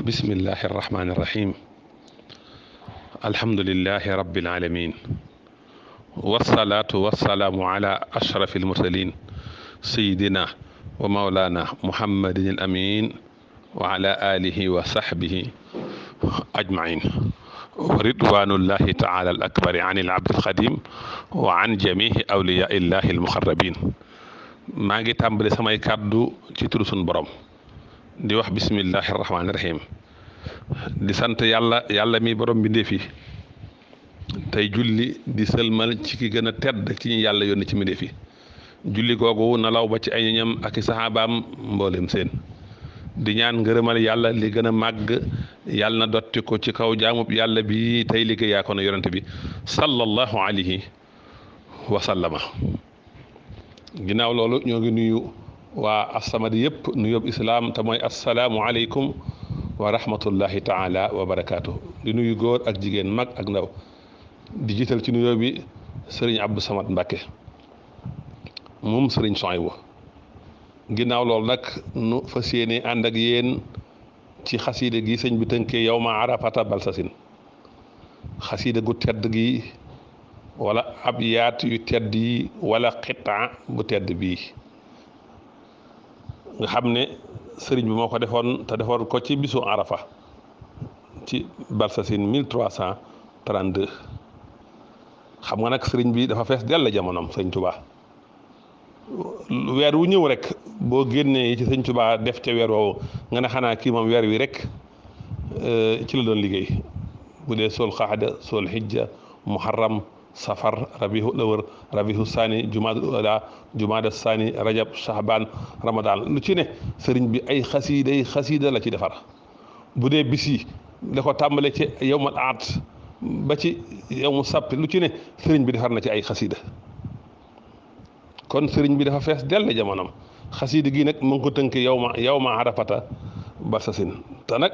bismillahi irrahmani irrahim alhamdulilahi rabilalamin wasalaatu wasalaamu ala ashrafi almursalin sayidina wa maulana muhammadin al amin wa ala alihi wa sahbihi ajmain wa ridwanullahi taala al akbari an il abdil xadim wa an awliyaa illahi almuqarrabin maa ngi tàmbali samay kàddu ci turu borom di wax bismillahi rahmaani di sant yàlla yàlla mi borom mbindéef yi tey julli di sëlmal ci ki gën a tedd ci ñu yàlla yoon ci mbindéef yi julli googu nalaw ba ci ay ñoñam ak i saxaabaam mboolem seen di ñaan ngërëmal yàlla li gën a màgg yàlla na dotti ko ci kaw jaamub yàlla bi tey liggéeyaa ko na yonent bi sallallahu alayhi wa sallama ginnaaw loolu ñoo ngi nuyu waa assamadi yëpp nuyób islaam te mooy assalaamu aleykum wa rahmatullahi taala wa barakaatu di nuyu góor ak jigéen mag ak ndaw di jiital ci nuyoo bi sëriñ Abdou Samad Mbàkke moom sëriñ Sohaybu ginnaaw loolu nag nu fa yéene ànd ak yéen ci xasiida gi sëñ bi tënkee yow ma arafata balsasin xasiida gu tedd gi walla ab yaat yu tedd yi wala xitaa bu tedd bii nga xam ne sëriñ bi moo ko defoon te defoon ko ci bisu arafa ci balsasin 1332 xam nga nag sëriñ bi dafa fees dell jamonoom sëñ Tuubaa weer wu ñëw rek boo génnee ci def ca weer nga ne xanaa kii moom weer wi rek eh, ci la doon liggéey bu dee sol xaada sol xijja muharram safar rabihu lawar rabihu saani jumaada ula jumaada saani rajab lu ci ne sëriñ bi ay xasiida ay xasiida la ci defar bu dee bis yi tàmbale ci yowmal aat ba ci yowmu sàppi lu ci ne sëriñ bi defar na ci ay xasiida kon sëriñ bi dafa fees dell jamonom xasiida gi nag mu ngi ko tënkee yow ma yow ma arafata te nag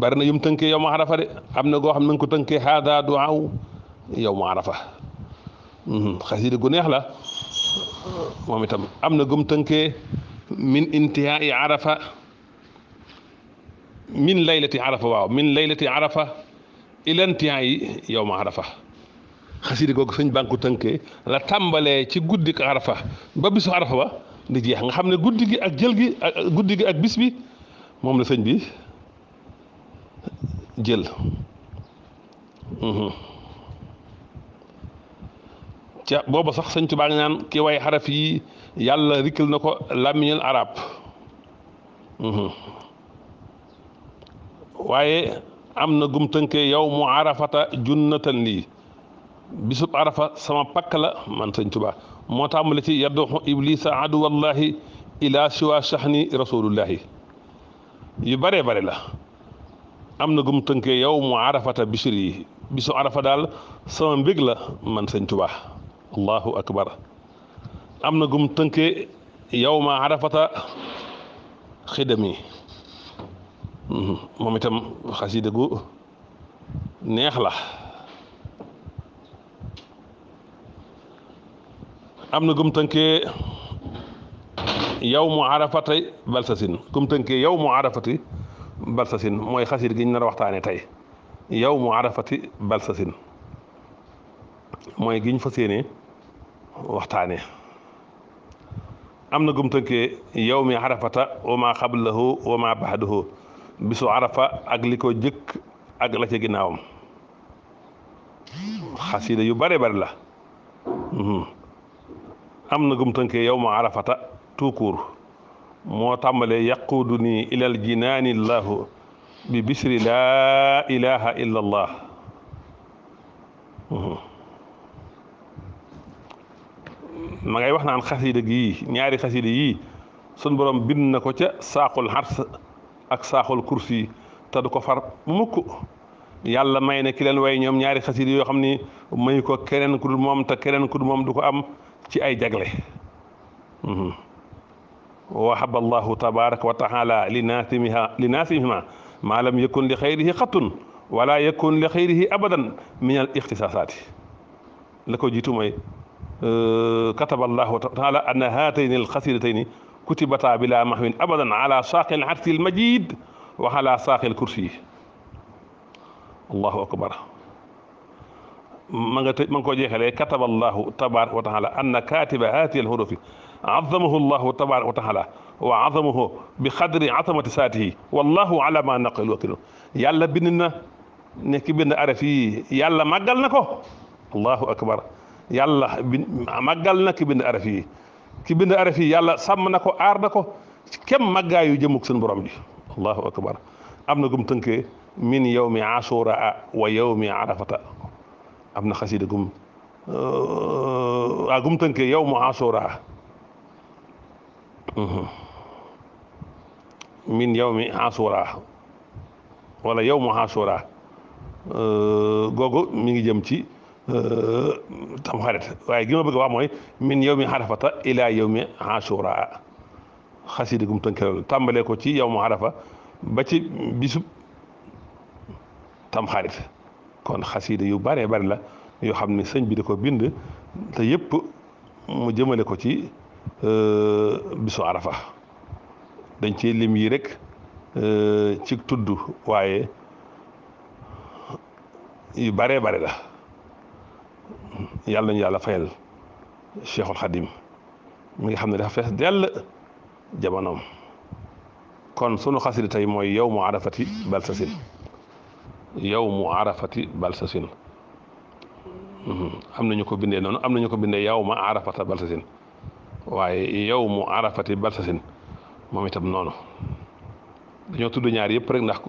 bari na yum tënkee yow ma arafa de am na goo xam ne mu ngi ko tënkee haada duaaw arafa mm-hmm. xasiida gu neex la moom itam am na gum tënkee min intihaai arafa min laylati arafa waaw min laylati arafa ila intihaai yow ma arafa xasiida googu sëñ baa ngi la tàmbalee ci guddik arafa ba bisu arafa ba di jeex nga xam ne guddi gi ak jël gi ak guddi gi ak bis bi moom la sëñ bi jël mhm. ca booba sax sëñ Tuubaa ngi naan ki way xaraf yi yàlla rikkil na ko làmmiñal arab mhm. waaye am na gum tënkee yow mu arafata junnatan lii bisub arafa sama pakk la man sëñ Tuubaa moo tàmbale ci yadduxu iblisa aduwallahi ila siwa shahni rasulullahi yu bare bare la am na gum tënkee yow mu arafata bisir yi bisu arafa daal sama mbég la man sëñ Tuubaa allahu akbar am na gum tënkee yow ma arafata xidami mhm. moom itam xasiida gu neex la am na gum tënkee yow mu arafatay balsasin gum tënkee yow mu arafati balsasin mooy xasir gi ñu nar a waxtaane tey yow mu arafati balsasin mooy gi ñu fas waxtaane am na gum tënkee yow mi arafata wa maa xablahu bisu arafa ak liko ko jëkk ak la ca ginnaawam xasida yu bare bare la mhm. am na gum tënkee yow ma arafata tout court moo tàmbalee yaquudu nii ilal jinaani llaahu bi bisri laa ilaha illa allah mhm. ma ngay wax naan xasida gii ñaari xasida yi sun borom bind na ko ca saaxul xars ak saaxul kursi te du ko far mukk yàlla may na ki leen way ñoom ñaari xasida yoo xam ni mayu ko keneen ku dul moom te keneen ku dul moom du ko am ci ay jagle mhm. wahaba allahu tabaraka wa taala li naasimiha li naasimihima maa lam yakun li xayrihi xattun wala yakun li xayrihi abadan min al ixtisasaati la ko jiitu mooy euh, kataba allahu taala anna haatayni al xasidatayni kutibata bila mahwin abadan ala saaqil arsil majid wa ala saaqil kursi allahu akbar ma nga tëj ma nga ko jeexalee kataba allahu tabaaraka wa taala anna katiba haati al hurufi azamahu allahu tabaaraka wa taala wa azamahu bi xadri azamati saatihi wallahu ala ma naqul wakilu yàlla bind na ne ki bind araf yi yàlla màggal na ko allahu akbar yàlla bi màggal na ki bind araf yi ki bind araf yi yàlla sàmm na ko aar na ko kem màggaayu jëmuk seen borom ji allahu akbar am na gum tënkee min yawmi ashura wa yawmi arafata am na xasida gum waa euh, gum tënkee yow mu asura mhm. min yow mi asura wala yow mu asura euh, googu mi ngi jëm ci euh, tamxarit waaye gi ma bëgg wax mooy min yow mi xarafata ilaa yow mi asura xasida gum tënkee loolu tàmbalee ko ci yow mu xarafa ba ci bisub tamxarit kon xasida yu bëree bëri la yoo xam ne sëñ bi da ko bind te yëpp mu jëmale ko ci euh, bisu arafa dañ ci lim yi rek euh, ci tudd waaye yu bëree bëri la yàlla nañu yàlla fayal cheikhul xadim mi nga xam ne dafa fees dell jamonoom kon sunu xasida tey mooy yow mu arafati balsasin mu arafati balsasin mhm. am nañu ko bindee noonu am nañu ko bindee ma arafata balsasin waaye mu arafati balsasin moom itam noonu dañoo tudd ñaar yëpp rek ndax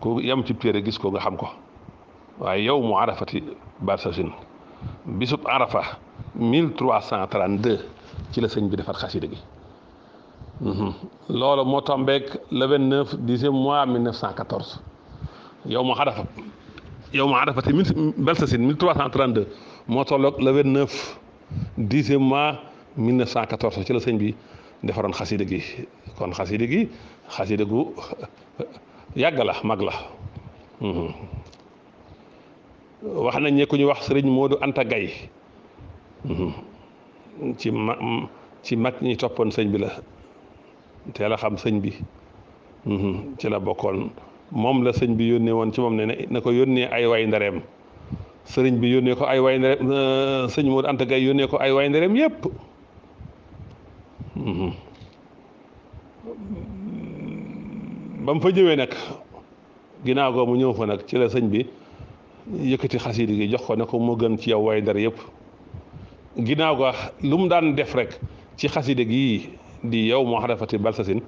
ko yam ci téere gis ko nga xam ko waaye yawmu arafati balsasin bisub arafa 1332 ci la sëñ bi defar xasida gi mhm. loolu moo tombeek le 29 dixième mois 1914 yow ma xarafa yow ma xarafa te mille Belsasine 1332 moo tolloog le 29 dixième mois 1914 ci la sëñ bi defaroon xasida gi kon xasida gi xasida gu yàgg la mag la mhm. wax nañ ne ku ñu wax sëriñ Modou Anta gay mhm. ci mag ñi toppoon sëñ bi la teela a xam sëñ bi mhm. ci la bokkoon. moom la sëñ bi yónnee woon ci moom ne na ko yónnee ay way ndareem sëriñ bi yónnee ko ay way ndareem euh, sëñ Modou Anta yónnee ko ay way ndareem yépp mhm. ba fa jëwee nag ginnaaw goo mu ñëw fa nag ci la sëñ bi yëkkati xasida gi jox ko ne ko moo gën ci yow way ndar yépp ginnaaw ga lu mu daan def rek ci xasida gi di yow moo xarafati balsasin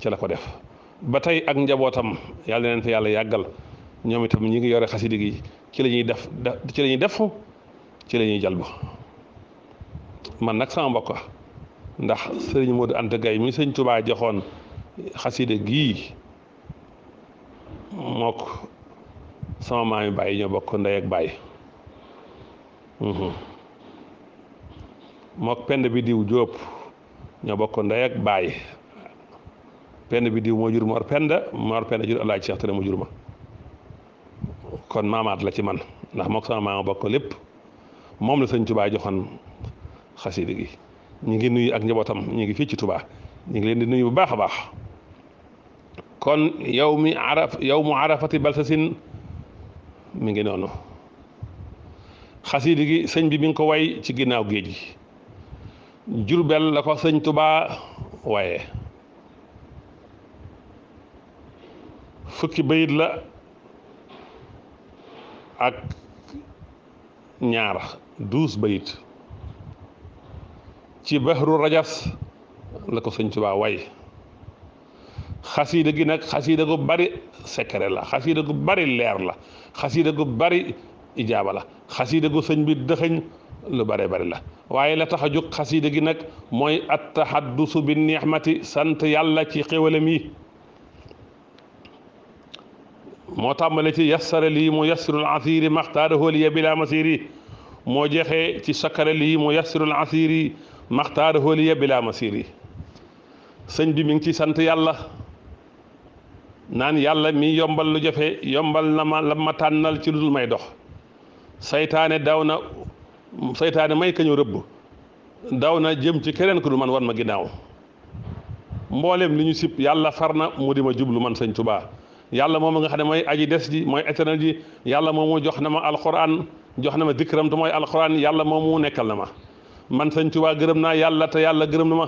ca la ko def ba tey ak njabootam yàlla leen fi yàlla yàggal ñoom itam ñi ngi yore xasida gi ci lañuy def ci lañuy ñuy def ci lañuy ñuy man nag sama mbokk ndax sëriñ Modou ant Gaye mi sëñ Touba joxoon xaside gii mook sama maam bàyyi ñoo bokk ndey ak bàyyi mhm. mook pend bi diw jóob ñoo bokk ndey ak bàyyi penda bi diw moo jur Mor Penda Mor Penda jur Alaaji Seex Ture moo jur ma kon maamaat la ci man ndax mook sama maama bokk lépp moom la sëñ Tubaa joxoon xasida gi ñu ngi nuyu ak njabootam ñu ngi fii ci Tubaa ñu ngi leen di nuyu bu baax a baax kon yow mi araf yow mu arafati balsasin mi ngi noonu xasida gi sëñ bi mi ngi ko way ci ginnaaw géej gi Jurbel la ko sëñ Tubaa waaye fukki bayit la ak ñaar douze bayit ci bahru rajas la ko sëñ Tuubaa way xasiida gi nag xasiida gu bari secret la xasiida gu bari leer la xasiida gu bari ijaaba la xasiida gu sëñ bi dëxëñ lu bare bari la waaye la tax a jóg gi nag mooy at tahaddusu bi nixmati sant yàlla ci xéwalam yi moo tàmbale ci yassara lii mu yassirul asiri maxtaarahu liya bila masiri moo jeexee ci sakara lii mu yassirul asiri maxtaarahu liya bila masiri sëñ bi mi ngi ci sant yàlla naan yàlla mi yombal lu jafe yombal na ma la ma tànnal ci lu may dox seytaane daw na saytaane may kañu rëbb daw na jëm ci keneen ku dul man wan ma ginnaaw mboolem li ñu sib yàlla far na mu di ma jublu man sëñ Tuubaa yàlla moom nga xam ne mooy aji des ji mooy éternel ji yàlla moomu jox na ma alxuraan jox na ma dikram te mooy alxuraan yàlla moomu nekkal na ma man Sëñ Tuubaa gërëm naa yàlla te yàlla gërëm na ma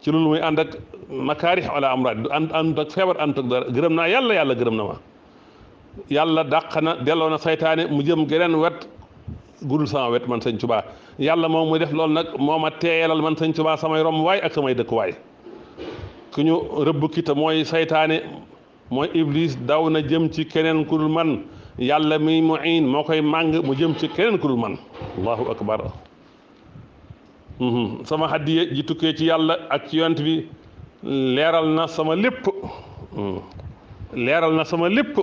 ci loolu muy ànd ak makaarix wala amraad ànd ak feebar ànd gërëm naa yàlla yàlla gërëm na ma yàlla dàq na delloo na saytaane mu jëm geneen wet gudul sama wet man Sëñ Tuubaa yàlla moom muy def loolu nag moo ma teeyalal man Sëñ Tuubaa samay romb waay ak samay dëkkuwaay ku ñu rëbb ki te mooy saytaane mooy iblis daw na jëm ci keneen ku man yàlla mi mu in moo koy màng mu jëm ci keneen ku man allahu akbar mhm. sama hadiya ji tukkee ci yàlla ak ci yonent bi leeral na sama lépp mhm. leeral na sama lépp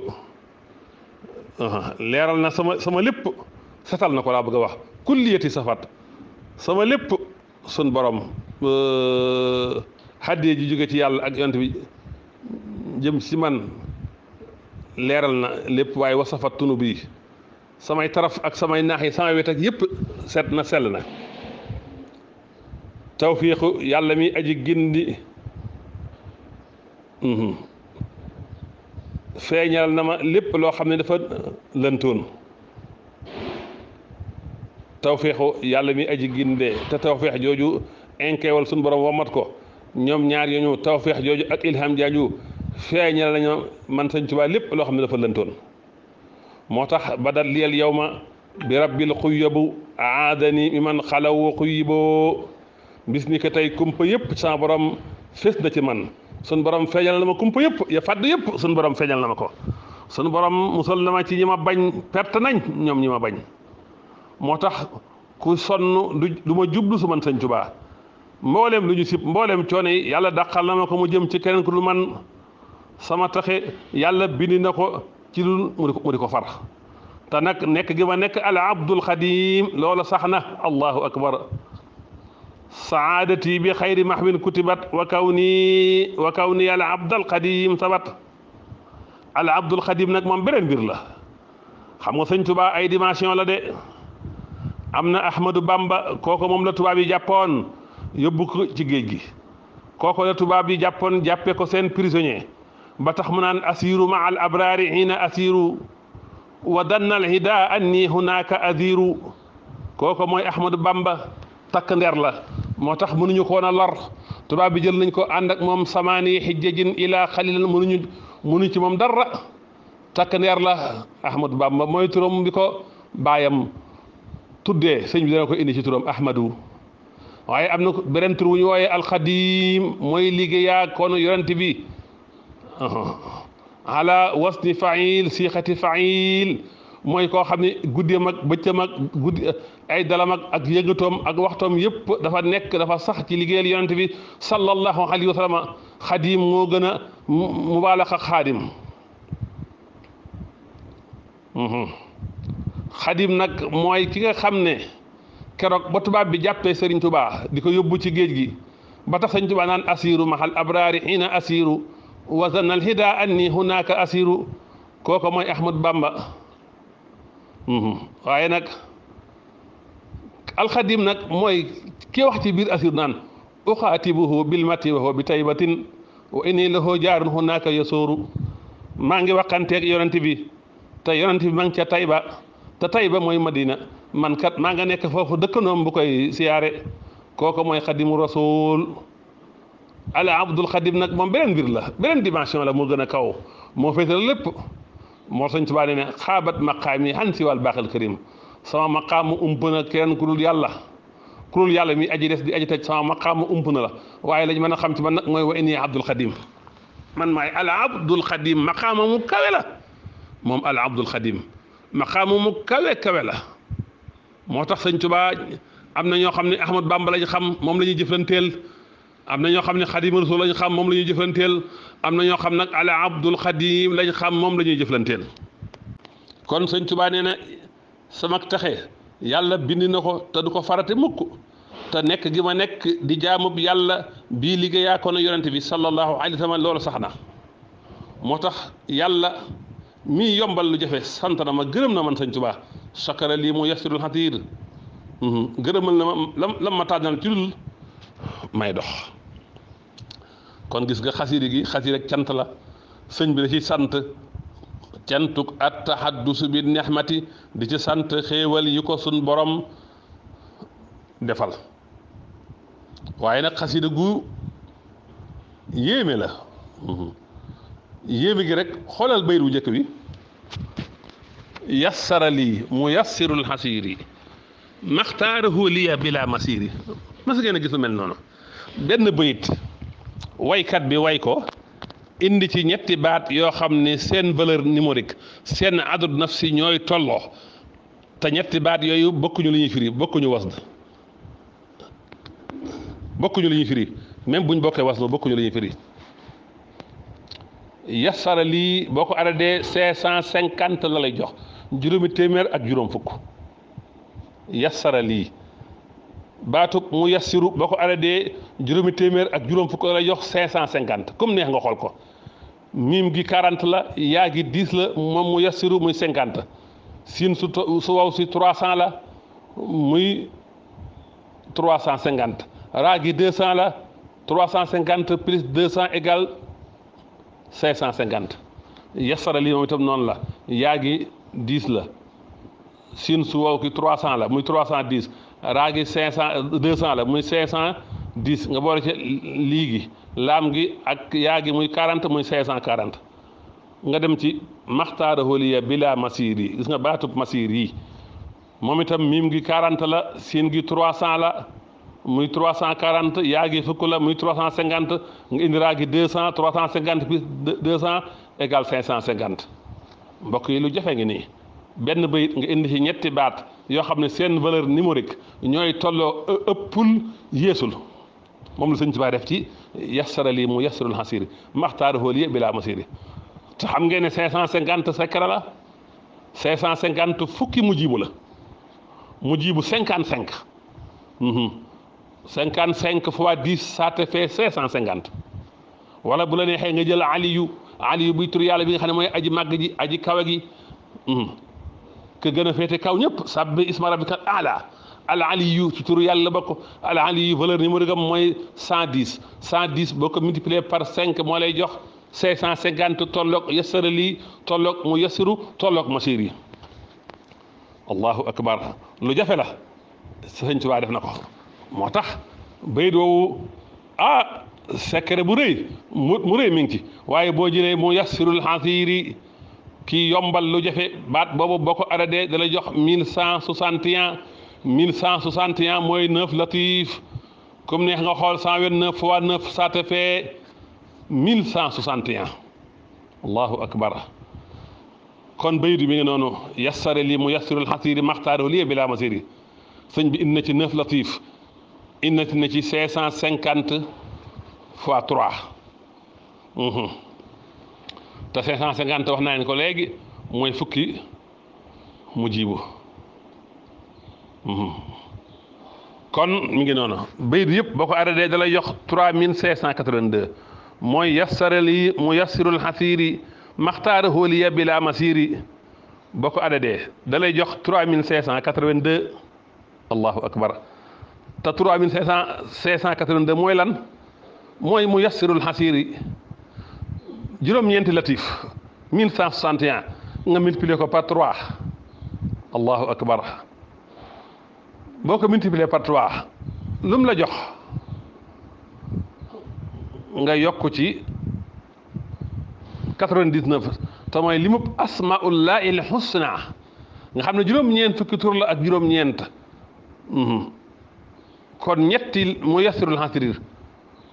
mhm. leeral na sama sama lépp setal na ko laa bëgg a wax kulliyati safat sama lépp sun borom hadiya ji jóge ci yàlla ak yont bi jëm si man leeral na lépp waaye wasafat tunu bii samay taraf ak samay naax yi samay wet ak yépp set na sell na tawfiixu yàlla mi aji gindi mhm. feeñal na ma lépp loo xam ne dafa lëntoon tawfiixu yàlla mi aji gindee te tawfiix jooju enkeewal suñu borom mat ko ñoom ñaar ñooñu tawféex jooju ak ilham jooju feeñal nañu man sañ Tuubaa lépp loo xam ne dafa lëntoon moo tax ba dal liyal yow ma bi rabbil xuyyabu aadani mi man xalaw xuyyiboo bis ni ko tey kumpa yëpp sama borom fés na ci man sun borom feeñal na ma kumpa yëpp ya fàdd yëpp suñ borom feeñal na ma ko sun borom musal na ma ci ñi ma bañ perte nañ ñoom ñi ma bañ moo tax ku sonn du ma jublu su man Sëñ Tuubaa mboolem lu ñu sib mboolem coono yi yàlla dàqal na ma ko mu jëm ci keneen ku dul man sama taxe yàlla bindi na ko ci lu mu di ko far te nag nekk gi ma nekk al abdul xadim loola sax na allahu akbar saadati bi xayri mahwin kutibat wa kaw nii wa kaw nii al abdal xadim sabat al abdul xadim nag moom beneen mbir la xam nga sëñ tubaa ay dimension la de am na ahmadou bamba kooku moom la tubaab yi jàppoon yóbbu ko ci géej gi kooku la tubaab yi jàppoon jàppe ko seen prisonnier ba tax mu naan asiru ma al abraari xiina asiru wa dannal hida anni hunaaka aziru kooku mooy ahmadou bamba takk ndeer la moo tax mënuñu ko woon a lor tubaab bi jël nañ ko ànd ak moom samaani xijjajin ilaa xalilan mënuñu mënuñ ci moom dara takk ndeer la ahmadou bamba mooy turam bi ko baayam tuddee sëñ bi dana ko indi ci turam ahmadou waaye am na beneen tur wu ñu wooyee alxadim mooy liggéeyaa koonu yonent bi ala wasni fail siixati fail mooy koo xam ne guddeem ak bëccëm ak guddi ay dalam ak ak yëngatoom ak waxtoom yëpp dafa nekk dafa sax ci liggéeyal yonent bi sallallahu alayhi wa sallam xadim moo gën a mubaalaxa xaadim xadim nag mooy ki nga xam ne keroog ba tubaab bi jàppee Serigne Touba di ko yóbbu ci géej gi ba tax Serigne Touba naan asiru mahal abraari xiina asiru wasanal hida anni hunaka asiru kooku mooy Ahmad Bamba mhm. waaye nag alxadim nag mooy ki wax ci biir asiru naan uxaatibuhu bilmati wa huwa bi taybatin wa inni lahu jaarun hunaka yasooru maa ngi waxanteeg yonent bi te yonent bi maa ca Tayba te Tayba mooy Madina man kat maa nga nekk foofu dëkkandoom bu koy siyaare kooku mooy xadimu rasul ala abdul xadim nag moom beneen mbir la beneen dimension la moo gën a kaw moo féetal lépp moo Sëñ Tuubaa nee ne xaabat maqaami han si wàl baaxal karim sama maqaamu ump na keneen ku dul yàlla ku dul yàlla mi aji des di aji tej sama maqaamu ump na la waaye lañ mën a xam ci man mooy wa inni abdul xadim man maay ala abdul xadim maqaama mu kawe la moom ala abdul xadim maqaamu mu kawe kawe la moo tax sëñ Tuubaa am na ñoo xam ne Ahmad Bamba lañ xam moom la ñuy jëflanteel am na ñoo xam ne Xaadimu Rasuul lañ xam moom la ñuy jëflanteel am na ñoo xam nag ala Abdul Xadim lañ xam moom la ñuy jëflanteel kon sëñ Tuubaa nee na sama taxe yàlla bind na ko te du ko farate mukk te nekk gi ma nekk di jaamub yàlla bi liggéeyaa ko na yonent bi sallallahu alayhi sama sallam loolu sax na moo tax yàlla. mii yombal lu jafe sant na ma gërëm na man sëñ Tuubaa sakara lii mu yasirul xatiir mhm, gërëmal na ma lam lam ma tànnal ci dul may dox kon gis nga xasiri gi xasir ak cant la sëñ bi da ci sant cantuk at taxaddusu bi nexmati di ci sant xéewal yi ko sun borom defal waaye nag xasida gu yéeme la mhm. yéeme gi rek xoolal bayru njëkk bi yassara lii mu yassirul xasiiri maxtaarahu liya bila masiri mas ngeen a gis lu mel noonu benn bëyit waykat bi way ko indi ci ñetti baat yoo xam ne seen valeur numérique seen adud nafsi ñooy tolloo te ñetti baat yooyu bokkuñu li ñuy firi bokkuñu wasd bokkuñu li ñuy firi même buñ bokkee wasd bokkuñu li ñuy firi yasara lii boo ko aradee cinq cent cinquante la lay jox juróomi téeméer ak juróom fukk yasara lii baatub mu yassiru boo ko aradee juróomi téeméer ak juróom fukk la lay cent cinquante comme neex nga xool ko miim quarante la yaa gi dix la moom mu yassiru muy cinquante siin su su waw si trois cent la muy trois cent cinquante raa gi deux cent la cinquante plus deux cent égale cinq cent cinquante yasara lii moom itam noonu la yaa gi dix la siin su wow ki trois cent la muy trois cent dix raa gi cinq cent deux cent la muy cinq cent nga boole ci lii gi laam gi ak yaa gi muy quarante muy cinq quarante nga dem ci maxtaara holiya bila masir yi gis nga baatub masir yi moom itam miim gi quarante la siin gi trois cent la muy trois cent quarante yaa ngi fukk la muy trois cent cinquante nga indi gi deux cent trois cent cinquante plus deux cent égal cinq cent cinquante mbokk yi lu jafe ngi nii benn bayit nga indi ci ñetti baat yoo xam ne seen valeur numérique ñooy tolloo e, ëppul yeesul moom la sëñ Tuubaa def ci yassara lii mu yassarul xasiri maxtaarahoo lii bilaa masiri te xam ngeen ne cinq cent cinquante secret la cinq cent cinquante fukki mu jiibu la mu jiibu cinquante cinq mhm. cinquante cinq fois dix ça te fait cinq cent cinquante wala bu la neexee nga jël aliyu aliyu buy tur yàlla bi nga xam ne mooy aji màgg ji aji kawe gi hmm. ke gën a féete kaw ñëpp sabbi isma rabbikal aala al aliyu ci turu yàlla bokk al aliyu valeur numéro gam mooy cent dix cent dix boo ko multiplier par cinq moo lay jox cinq cent cinquante tolloog yassara lii tolloog mu yassiru tolloog masir yi allahu akbar lu jafe la sëñ Tuubaa def na ko moo tax bayit woowu ah secret bu rëy mu rëy mi ngi ci waaye boo jëlee mu yassirul xasiri kii yombal lu jafe baat boobu boo ko aradee da lay jox mille cent soixante et un mille cent soixante et un mooy neuf latif comme neex nga xool cent vingt neuf fois neuf ça te fait mille cent soixante et un allahu akbar kon bayit bi mi ngi noonu yassare lii mu yassirul xasiri maxtaaro lii bilaa masiri sëñ bi indi na ci neuf latif innati na ci cinq cent cinquante fois trois mhm. te cinq cent wax naa leen ko léegi mooy fukki mu jiibu mhm. kon mu ngi noonu bayit yëpp boo ko arrêté dalay yox trois mille cinq cent quatre-vingt-deux mooy yassarali mu yassirul xasiiri maxtaara hóoliya bila masiri boo ko arrêté dalay jox trois mille cinq cent quatre-vingt-deux allahu akbar te 3500 582 mooy lan mooy mu yassirul xasiri juróom-ñeenti latif 1161 nga multiplier ko par 3 akbar boo ko multiplier par 3 lu la jox nga yokk ci 99 te mooy li mu asmaullahi l xusna nga xam ne juróom-ñeent fukki tur ak juróom-ñeent mhm. kon ñetti mu yasirul xasrir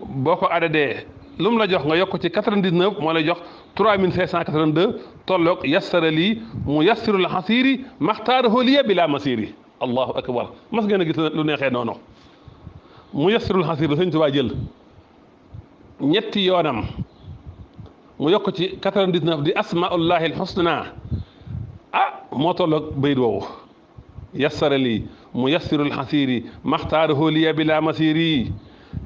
boo ko adadee lu la jox nga yokk ci 99 moo lay jox 3582 tolloog yassara lii mu yassirul xasiri maxtaarahu liya bila masiri allahu akbar mas ngeen a gis lu neexee noonu mu yassirul xasir la sëñ Tuubaa jël ñetti yoonam mu yokk ci 99 di asmaullahi alxusna ah moo tolloog bayit woowu yassara lii mu yassirul xasiri maxtaarahoo liya bila masiri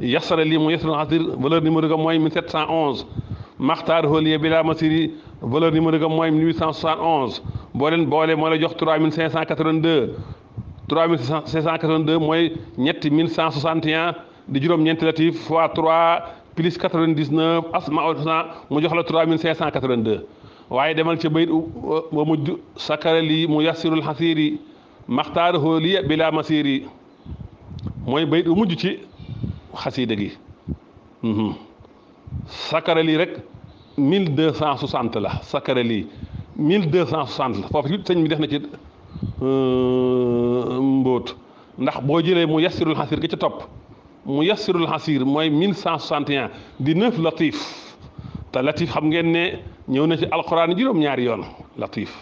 yassara lii mu yassirul xasir valeur numéro ga mooy 1711 maxtaarahoo liya bila masiri valeur numéro ga mooy 1871 boo leen boole moo lay jox 3582 3582 mooy ñetti 1161 di juróom-ñeenti latif fois 3 plus 99 asmaul husna mu jox la 3582 waaye demal ca bayit ba mujj sakara lii mu yassirul xasiri maxtaar xooliya bilaa masiir yi mooy bayit bu mujj ci xasiida gi mhm. sakara lii rek mille deux cent soixante la sakara lii mille deux cent soixante la foofu it sëñ bi def na ci euh, mbóot ndax boo jëlee mu yassirul xasir gi ca topp mu yassirul xasir mooy mille cent soixante et un di neuf latif te latif xam ngeen ne ñëw na ci alxuraan juróom-ñaari yoon latif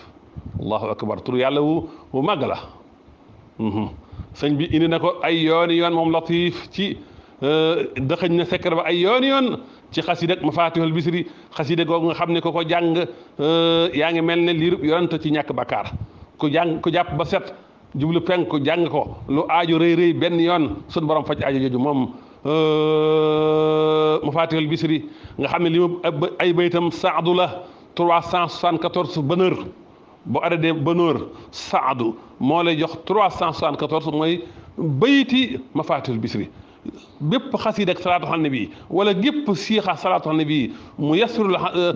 allahu akbar tur yàlla wu wu màgg la Mhm. sëñ bi indi na ko ay yoon yoon moom latif ci euh, dëxëñ na sekkar ba ay yoon yoon ci xasida ak mafatihul bisri xasida googu nga xam ne ko ko jàng euh, yaa ngi mel ne liirub yonent ci ñàkk bakkaar ku jàng ku jàpp ba set jublu penku jàng ko lu aajo rëy rëy benn yoon sun borom faj aajo jooju moom ma euh, mafatihul bisiri nga xam ne li ma ay baytam saadu la trois cent soixante-quatorze bonheur bu adadee bonheur saadu moo lay jox cent 374 mooy bayti mafaatul bisri bépp xasiida ak salaatu xal nabi wala gépp siixa salaatu xal nabi mu yasrul euh,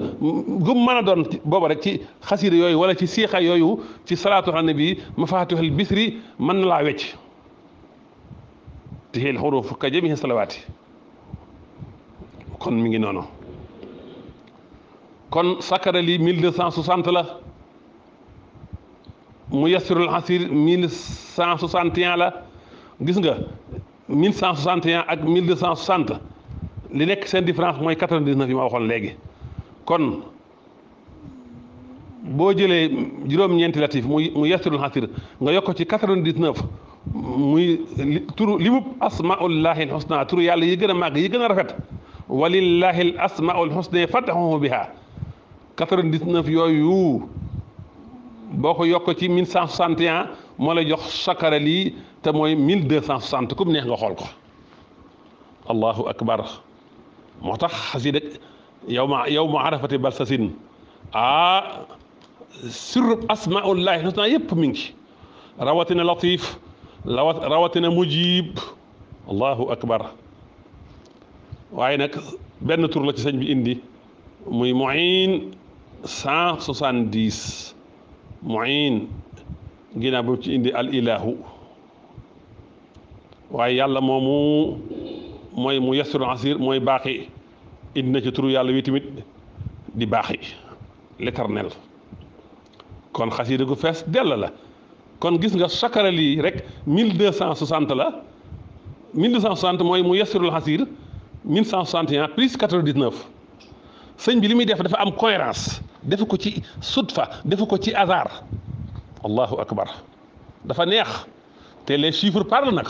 gum mën a doon booba rek ci xasiida yooyu wala ci siixa yooyu ci salaato xal nabi mafaatihul bisri mën na laa wecc tihil xuruf ka jamihi salawaati kon mi ngi noonu kon sakara li 1260 la mu yassirul asir mille cent soixante et la gis nga mille cent soixante ak mille deux cent soixante li nekk seen différence mooy quatre-vingt-dix-neuf yi ma waxoon léegi kon boo jëlee juróom-ñeenti latif muy mu yassirul asir nga yokk ci quatre-vingt-dix-neuf muy turu limub asmaullahi alxusna turu yàlla yi gën a màgg yi gën a rafet walillahi al asmaul xusna fad'uhu biha quatre bi dix neuf yooyu boo ko yokk ci 1161 moo lay jox sakara lii te mooy 1260 kum neex nga xool ko allahu akbar moo tax xasida yow ma yow ma arafati balsasin ah surub asmaullahi xusna yëpp mi ngi rawatina latif rawatina mujib allahu akbar waaye nag benn tur la ci sëñ bi indi muy muin 170 muin ginnaaw bu ci indi al ilahu waaye yàlla moomu mooy mu yasiru mooy baaxi indi na ci turu yàlla wi di baaxi l'éternel kon xasida gu fees dell la kon gis nga sakara lii rek 1260 la 1260 mooy mu yasirul xasir 1161 plus 99 sëñ bi li muy def dafa am cohérence defu ko ci fa defu ko ci hasard allahu akbar dafa neex te les chiffres parlent nag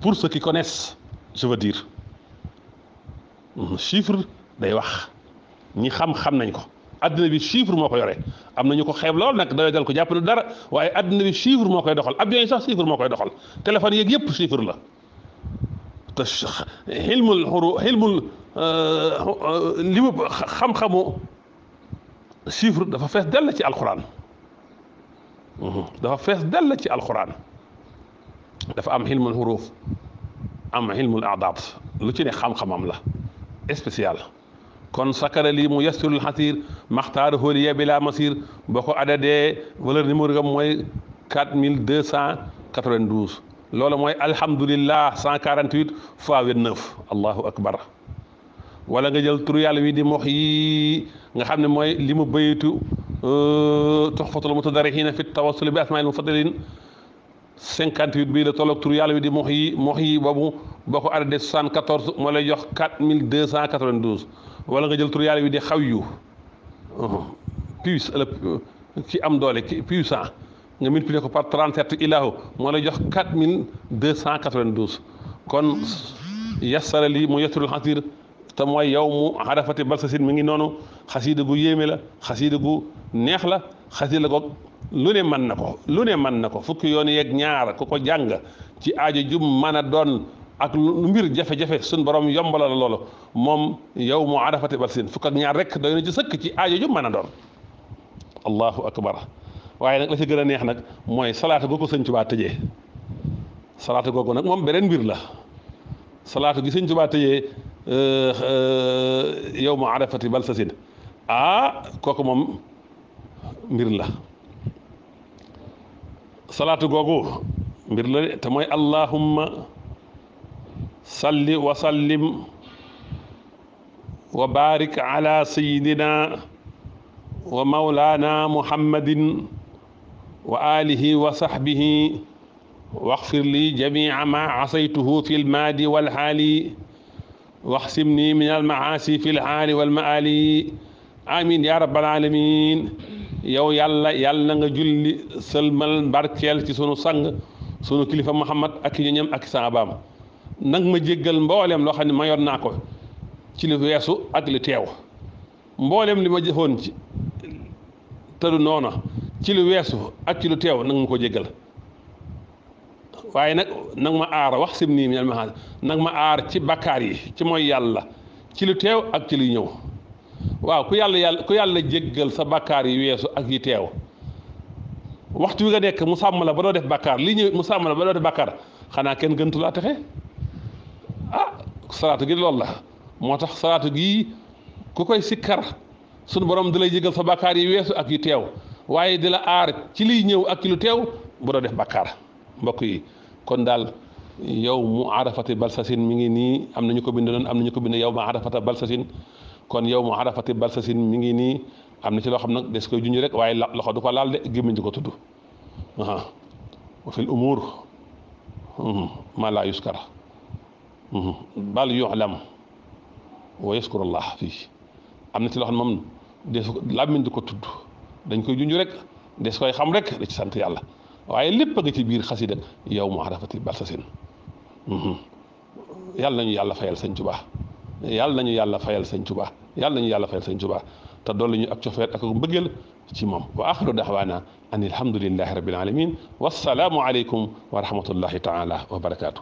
pour ceux qui connaissent je veux dire hmm, chiffre day wax ñi xam-xam nañ ko adduna bi chiffre moo ko yore am na ñu ko xeeb lool nag doyadal ko jàpp dara waaye adduna bi chiffre moo koy doxal avion yi sax chiffre moo koy doxal téléphone yeeg yëpp chiffre la te xilmul xuru xilmul uh, uh, li mu xam-xamu chiffre dafa fees dell ci alxuraan mhm. dafa fees dell ci alxuraan dafa am xilmul xuruuf am xilmul aadaat lu ci ne xam-xamam la spécial kon sakara lii mu yasirul xasir maxtaar xooliya bila masir boo ko adadee valeur numéro gam mooy quatre mille deux cent quatre-vingt-douze loolu mooy alhamdulillah 148 fois 29 allahu akbar wala nga jël tur yàlla wi di mox yii nga xam ne mooy li mu bayitu euh, tuxfatul mutadarrihina fi tawassuli bi asmail mufaddalin 58 bii la tolloog tur yàlla wi di mox yi mox yi boobu boo ko arrêté 74 moo lay jox 4292 wala nga jël tur yàlla wi di xaw yu uh-huh. puis le ki am doole ki puissant nga multiplier ko par 37 ilahu moo la jox 4292 kon yassara lii mu yetturul xasir te mooy yow mu xarafati balsasin mi ngi noonu xasiida gu yéeme la xasiida gu neex la xasiida la ko lu ne mën na ko lu ne mën na ko fukki yoon yeeg ñaar ku ko jàng ci aajo jum mën a doon ak lu mbir jafe-jafe suñ borom yombalal loolu moom yow mu arafati balsin fukk ak ñaar rek doy na ci sëkk ci aajo jum mën a doon allahu akbar waaye nag la ci gën neex nag mooy salaatu googu sëñ Tuubaa tëjee salaatu googu nag moom beneen mbir la salaatu gi sëñ Tuubaa tëjee euh, euh, yow mu arafati bal sasin ah kooku moom mbir la salaatu googu mbir la te mooy allahumma salli wa sallim wa barik ala sayyidina wa mawlaana muhammadin wa alihi wa sahbihi waxfir li jamia ma asaytuhu fi lmaadi walxaali waxsim ni min almaasi fi lxaali walmaali amin ya rabbal alamin yow yàlla yàlla na nga julli sëlmal mbarkeel ci sunu sang sunu kilifa Muhammad ak ñoñam ak saabaam nag ma jéggal mbooleem loo xam ne mayoon naa ko ci li weesu ak li teew mbooleem li ma jëfoon ci tëdu noona ci lu weesu ak ci lu teew nag ma ko jéggal waaye nag nag ma aar wax sim nii minal maxaas nag ma aar ci bàkkaar yi ci mooy yàlla ci lu teew ak ci lu ñëw waaw ku yàlla yàlla ku yàlla jéggal sa bakkaar yi weesu ak yi teew waxtu wi nga nekk mu sàmm la ba doo def bakkaar li ñëw mu sàmmala ba doo def bakkaar xanaa kenn gëntu laa texe ah salaatu gi loolu la moo tax salaatu gi ku koy sikkar sunu borom da lay jéggal sa bakkaar yi weesu ak yi teew waaye di la aar ci liy ñëw ak ci lu teew bu def bakkaar mbokk yi kon daal yow mu arafati balsasin mi ngi nii am nañu ko bind doon am nañu ko bind yow ma arafata balsasin kon yow mu arafati balsasin mi ngi nii am na ci loo xam nag des koy junj rek waaye loxo du ko laal de gémmiñ di ko tudd aa wa fil umuur ma la yuskar bal na ci loo xam ne moom ko tudd dañ koy junj rek des koy xam rek da ci sant yàlla waaye lépp a ci biir xasida yow mu arafati balsasin mhm. yàlla nañu yàlla fayal sëñ Tuubaa yàlla nañu yàlla fayal sëñ Tuubaa yàlla nañu yàlla fayal sëñ Tuubaa te dolli ñu ab cofeet ak mbëggeel ci moom wa axiru daxwaana an alhamdulillahi rabbil alamin wassalaamu aleykum wa rahmatullahi taala wa barakaatu.